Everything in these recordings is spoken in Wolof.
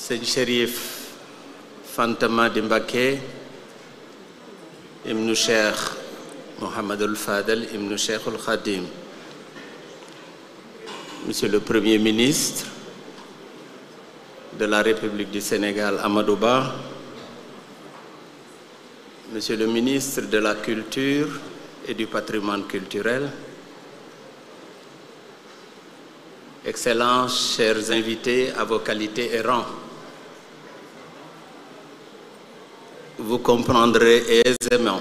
sëñ Chérif Fantama di Mbakke ibnu Cheikh Mouhamadul Fadel ibnu Cheikhul Khadim Monsieur le Premier ministre de la République du Sénégal Amadou Ba Monsieur le ministre de la Culture et du Patrimoine culturel Excellences, chers invités à vos qualités et rangs vous comprendrez aisément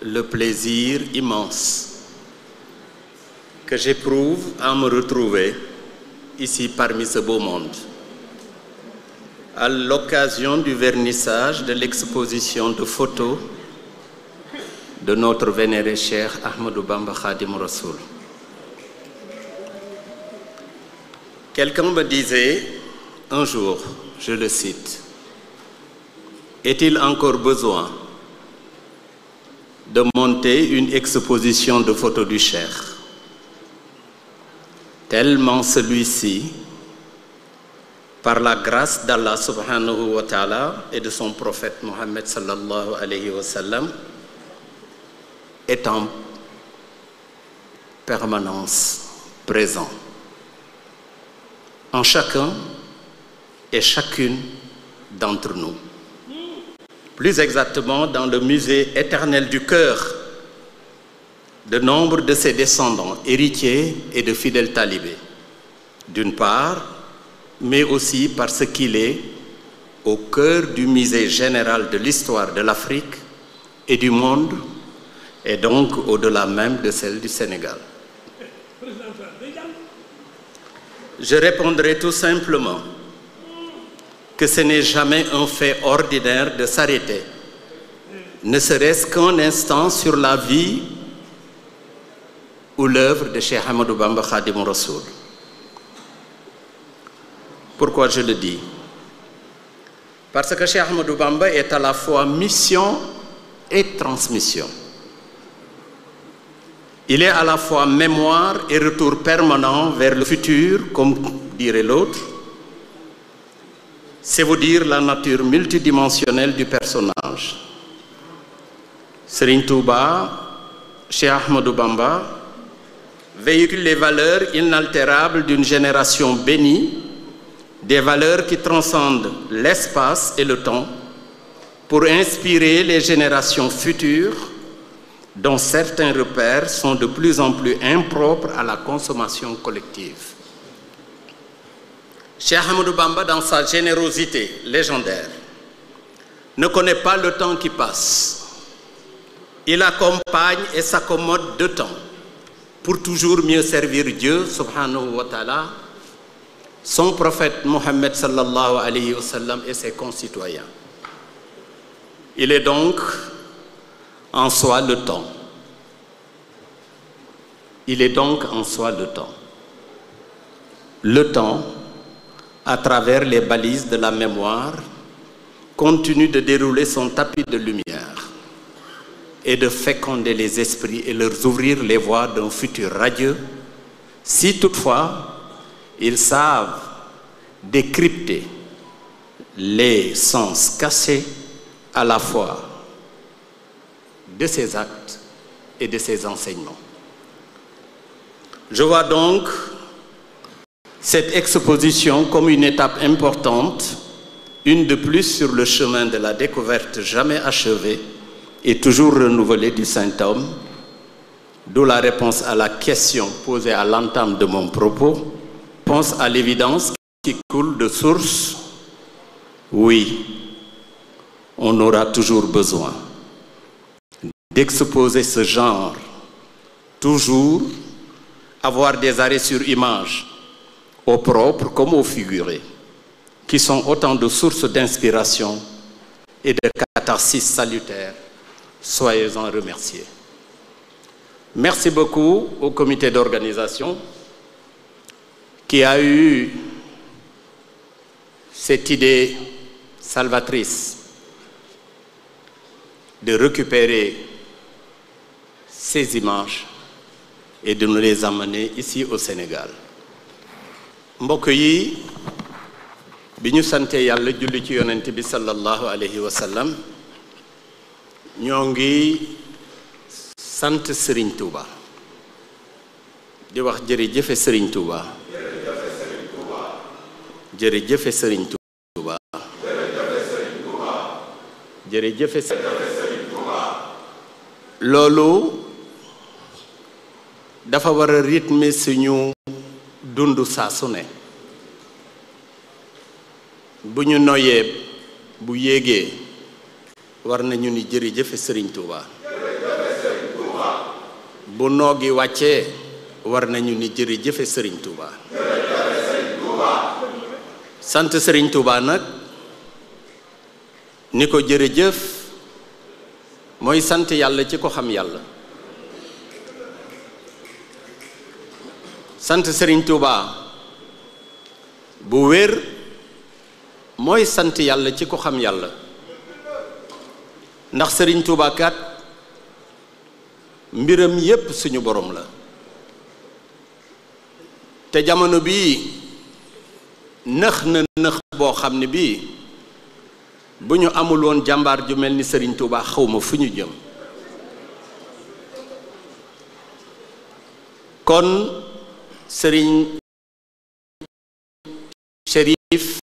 le plaisir immense que j'éprouve à me retrouver ici parmi ce beau monde à l'occasion du vernissage de l'exposition de photos de notre vénéré cher Ahmadou Bamba Khadim Rassoul. Quelqu'un me disait un jour, je le cite, Est-il encore besoin de monter une exposition de photos du Cher Tellement celui-ci, par la grâce d'Allah subhanahu wa ta'ala et de son prophète Mohammed sallallahu alayhi wa sallam, est en permanence présent en chacun et chacune d'entre nous. plus exactement dans le musée éternel du cœur, de nombre de ses descendants, héritiers et de fidèles talibés, d'une part, mais aussi parce qu'il est au cœur du musée général de l'histoire de l'Afrique et du monde, et donc au-delà même de celle du Sénégal. Je répondrai tout simplement que ce n'est jamais un fait ordinaire de s'arrêter, ne serait-ce qu'un instant sur la vie ou l'œuvre de Cheikh Hamadou Bamba Khadim Rassoul. Pourquoi je le dis? Parce que Cheikh Ahmadou Bamba est à la fois mission et transmission. Il est à la fois mémoire et retour permanent vers le futur, comme dirait l'autre. c'est vous dire la nature multidimensionnelle du personnage Serigne Touba Cheikh Ahmadou Bamba véhicule les valeurs inaltérables d'une génération bénie des valeurs qui transcendent l'espace et le temps pour inspirer les générations futures dont certains repères sont de plus en plus impropres à la consommation collective Cheikh Ahmadou Bamba, dans sa générosité légendaire, ne connaît pas le temps qui passe. Il accompagne et s'accommode de temps pour toujours mieux servir Dieu, subhanahu wa ta'ala, son prophète Mohammed sallallahu alayhi wa sallam et ses concitoyens. Il est donc en soi le temps. Il donc en soi le temps. Le temps à travers les balises de la mémoire, continue de dérouler son tapis de lumière et de féconder les esprits et leur ouvrir les voies d'un futur radieux, si toutefois ils savent décrypter les sens cachés à la fois de ses actes et de ses enseignements. cette exposition comme une étape importante, une de plus sur le chemin de la découverte jamais achevée et toujours renouvelée du Saint-Homme, la réponse à la question posée à l'entame de mon propos, pense à l'évidence qui coule de source. Oui, on aura toujours besoin d'exposer ce genre, toujours avoir des arrêts sur image au propre comme au figuré, qui sont autant de sources d'inspiration et de catharsis salutaires. Soyez-en remerciés. Merci beaucoup au comité d'organisation qui a eu cette idée salvatrice de récupérer ces images et de nous les amener ici au Sénégal. mbokk yi bi ñu santee yàlla julli ci yonent bi sallallahu alayhi wa sallam ñoo ngi sant Serigne Touba di wax jërëjëfe Serigne Touba jërëjëfe Serigne Touba jërëjëfe Serigne Touba loolu dafa war a rythme suñu dundu saa ne bu ñu noyee bu yéegee war nañu ni jërëjëfe sëriñ Touba bu noogi wàccee war nañu ni jëfe sëriñ Touba sant sëriñ Touba nag ni ko jëre jëf mooy sant yàlla ci ko xam yàlla sant sëriñ Touba bu wér mooy sant yàlla ci ko xam yàlla ndax sëriñ Touba mbiram yépp suñu boroom la te jamono bii nëx na nëx boo xam ne bii bu ñu amul woon jàmbaar ju mel ni Serigne Touba xawma fu ñu jëm kon sëriñ Chérif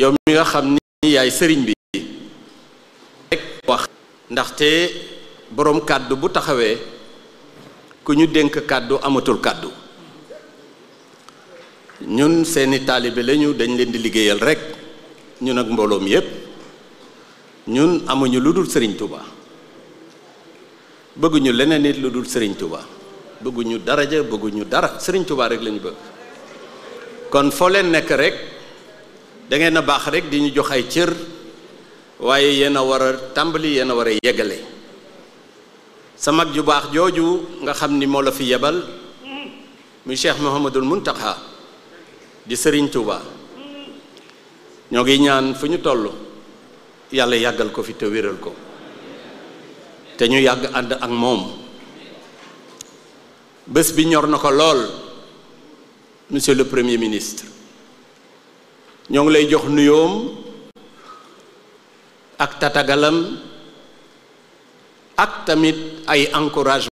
yow mi nga xam ni yaay sëriñ bi wax ndaxte boroom kàddu bu taxawee ku ñu dénk kàddu amatul kàddu ñun seeni taalibe lañu dañ leen di liggéeyal rekk ñun ak mbooloom yépp ñun amuñu lu dul sëriñ Touba. bëgguñu leneen nit lu dul Serigne Touba bëgguñu daraja bëgguñu dara Serigne Touba rek lañu bëgg kon foo leen nekk rek da ngeen a baax rek di ñu jox ay cër waaye yéen a war a tàmbali yéen a war a yeggale sa mag ju baax jooju nga xam ni moo la fi yebal muy Cheikh Mouhamadul Mountakha di sëriñ tubaa ñoo ngi ñaan fu ñu toll yàlla yàggal ko fi te wéral ko. te ñu yàgg àdd ak moom bés bi ñor na ko lool monsieur le premier ministre ñoo ngi lay jox nuyoom ak tatagalam ak tamit ay encouragement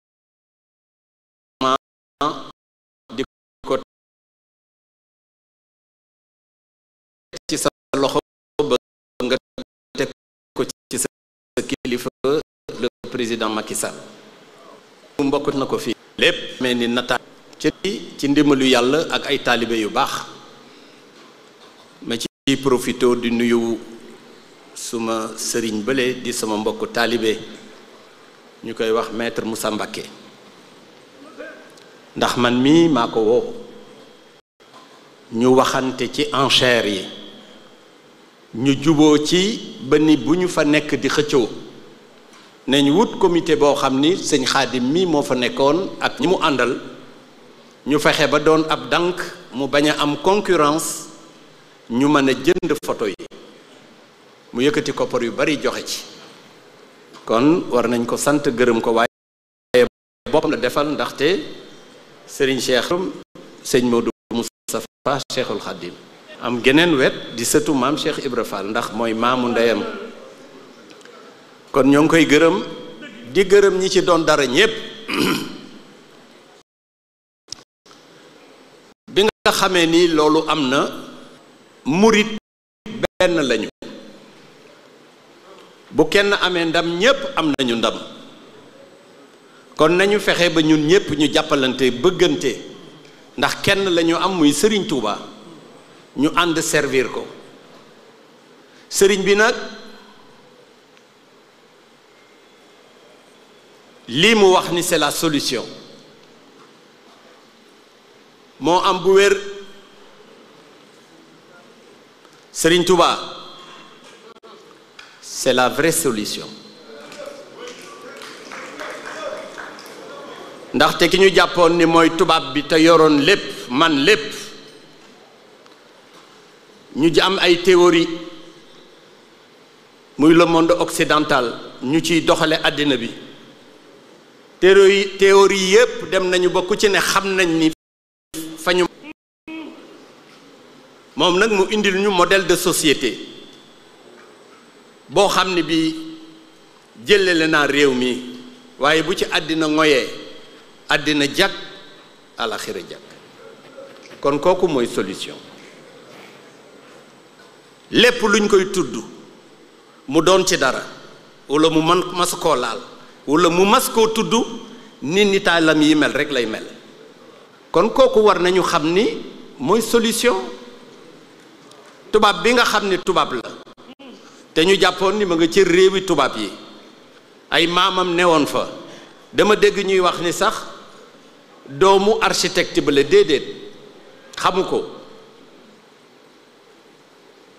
di ko ci sa loxo président Macky Sall mu mbokk na ko fii lépp mel ni nataal ci ndimalu yàlla ak ay taalibe yu baax ma ci profito di nuyu suma sëriñ bële di sama mbokku taalibe ñu koy wax maître Moussa Mbacké ndax man mii maa ko woo ñu waxante ci enchère yi ñu juboo ci ba ni bu ñu fa nekk di xëccoo nañ wut comité boo xam ni sëñ xaadim mii moo fa nekkoon ak ñi mu àndal ñu fexe ba doon ab dànk mu bañ a am concurrence ñu mën a jënd photo yi mu yëkkati koppar yu bari joxe ci kon war nañ ko sant gërëm ko waaye boppam la defal ndaxte sëriñ Cheikh sëñ Modou Moustapha Cheikhul Khadim am geneen wet di sëtu maam Cheikh Ibra Fall ndax mooy maamu ndeyam kon ñoo ngi koy gërëm di gërëm ñi ci doon dara ñépp bi nga xamee ni loolu am na murit benn lañu bu kenn amee ndam ñépp am nañu ndam kon nañu fexe ba ñun ñépp ñu jàppalante bëggante ndax kenn lañu am muy sëriñ Tuuba ñu ànd servir ko sëriñ bi nag lii mu wax ni c'est la solution moo am bu wér sëriñ tubaa c'est la vraie solution ndaxte ki ñu jàppoon ni mooy tubaab bi te yoroon lépp man lépp ñu ji am ay théorie muy le monde ñu ciy doxale àddina bi théorie théorie yépp dem nañu ba ku ci ne xam nañ ni fa ñu moom nag mu indil ñu modèle de société boo xam ne bii jëlale naa réew mi waaye bu ci àddina ngoyee àddina jàkk alaxira jàkk kon kooku mooy solution lépp luñ koy tudd mu doon ci dara walla mu man mas laal wala mu maskoo koo tudd ni nitaalam yi mel rek lay mel kon kooku war nañu xam ni mooy solution tubaab bi nga xam ni tubaab la te ñu jàppoon ni ma nga ci réewi tubaab yi ay maamam newoon fa dama dégg ñuy wax ni sax doomu architecte ba la déedéet xamu ko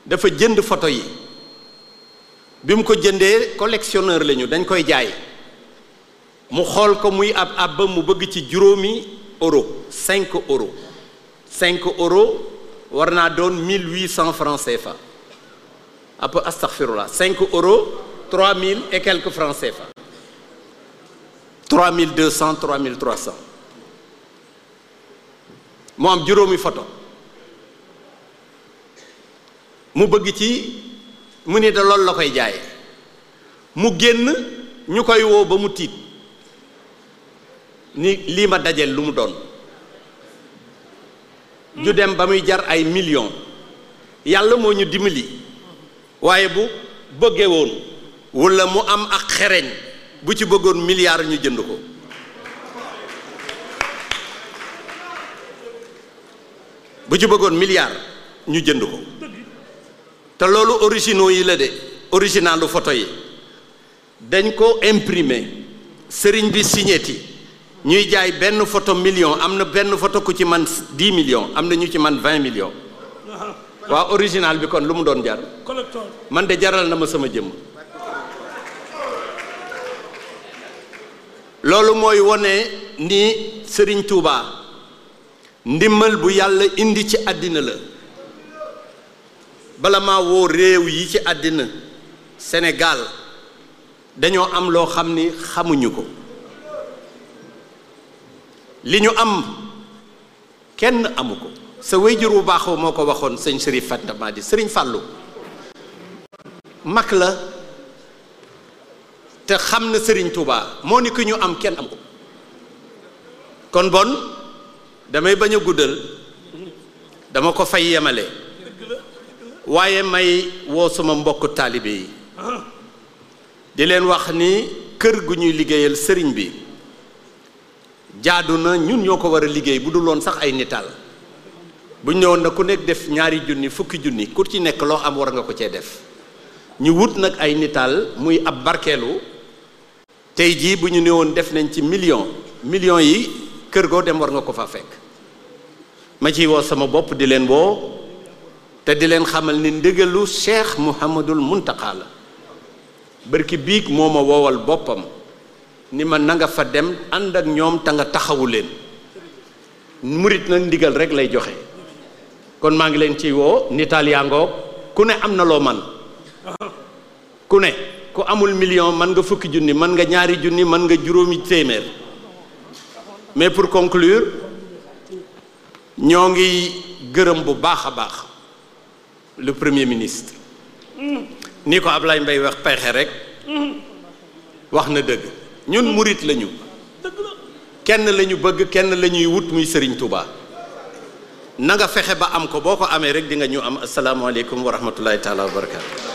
dafa jënd photo yi bi mu ko jëndee collectionneur lañu dañ koy jaay mu xool ko muy ab abba mu bëgg ci juróomi euro cinq euro cinq euro war naa doon mille huit cent francs CFA ab astaghfirullah cinq euro trois mille et quelques francs CFA trois cent trois mille trois cent mu am juróomi photo mu bëgg ci mu ni da loolu la koy jaaye mu génn ñu koy woo ba mu tiit ni lii ma dajeel lu mu doon ju dem ba muy jar ay millions yàlla moo ñu dimbali waaye bu bëggee woon walla mu am ak xereñ bu ci bëggoon milliards ñu jënd ko bu ci bëggoon milliards ñu jënd ko te loolu originaux yi la de originalu photo yi dañ ko imprimer sëriñ bi signéti ñuy jaay benn foto million am na benn foto ku ci man 10 million am na ñu ci man 20 millions waa original bi kon lu mu doon jar man de jaral na ma sama jëmm loolu mooy wone ni Sëriñ Tuubaa ndimmal bu yàlla indi ci àddina la bala maa woo réew yi ci àddina Sénégal dañoo am loo xam ni xamuñu ko li ñu am kenn amu ko sa wéyjur wu baaxoo moo ko waxoon sëñ Sërif Fatma maa sëriñ Fàllu mag la te xam na sëriñ Touba moo ni ki ñu am kenn amu ko kon bon damay bañ a guddal dama ko fay yemale waaye may woo suma mbokk taalibe yi di leen wax ni kër gu ñuy liggéeyal sëriñ bi jaadu na ñun ñoo ko war a liggéey bu dul woon sax ay nitaal bu ñu ñëwoon na ku nekk def ñaari junni fukki junni ku ci nekk loo am war nga ko cee def ñu wut nag ay nitaal muy ab barkeelu tey jii bu ñu newoon def nañ ci million million yi kër goo dem war nga ko fa fekk ma ci woo sama bopp di leen woo te di leen xamal ni ndigalu Cheikh Mouhamadul Muntaqa la barki biig moo ma woowal boppam ni ma nanga fa dem ànd ak ñoom te nga taxawu leen murit nag ndigal rek lay joxe kon maa ngi leen ciy woo nitaal yaa ngoog ku ne am na loo man ku ne ku amul million man nga fukki junni man nga ñaari junni man nga juróomi téeméer mais pour conclure ñoo ngi gërëm bu baax a baax lu premier ministre mm. ni ko lay mbay wax pexe rek mm. wax na dëgg ñun murit lañu kenn lañu bëgg kenn lañuy wut muy sëriñ Touba na nga fexe ba am ko boo ko amee rek di nga ñu am asalaamaaleykum wa rahmatullahi taala wa barakaatu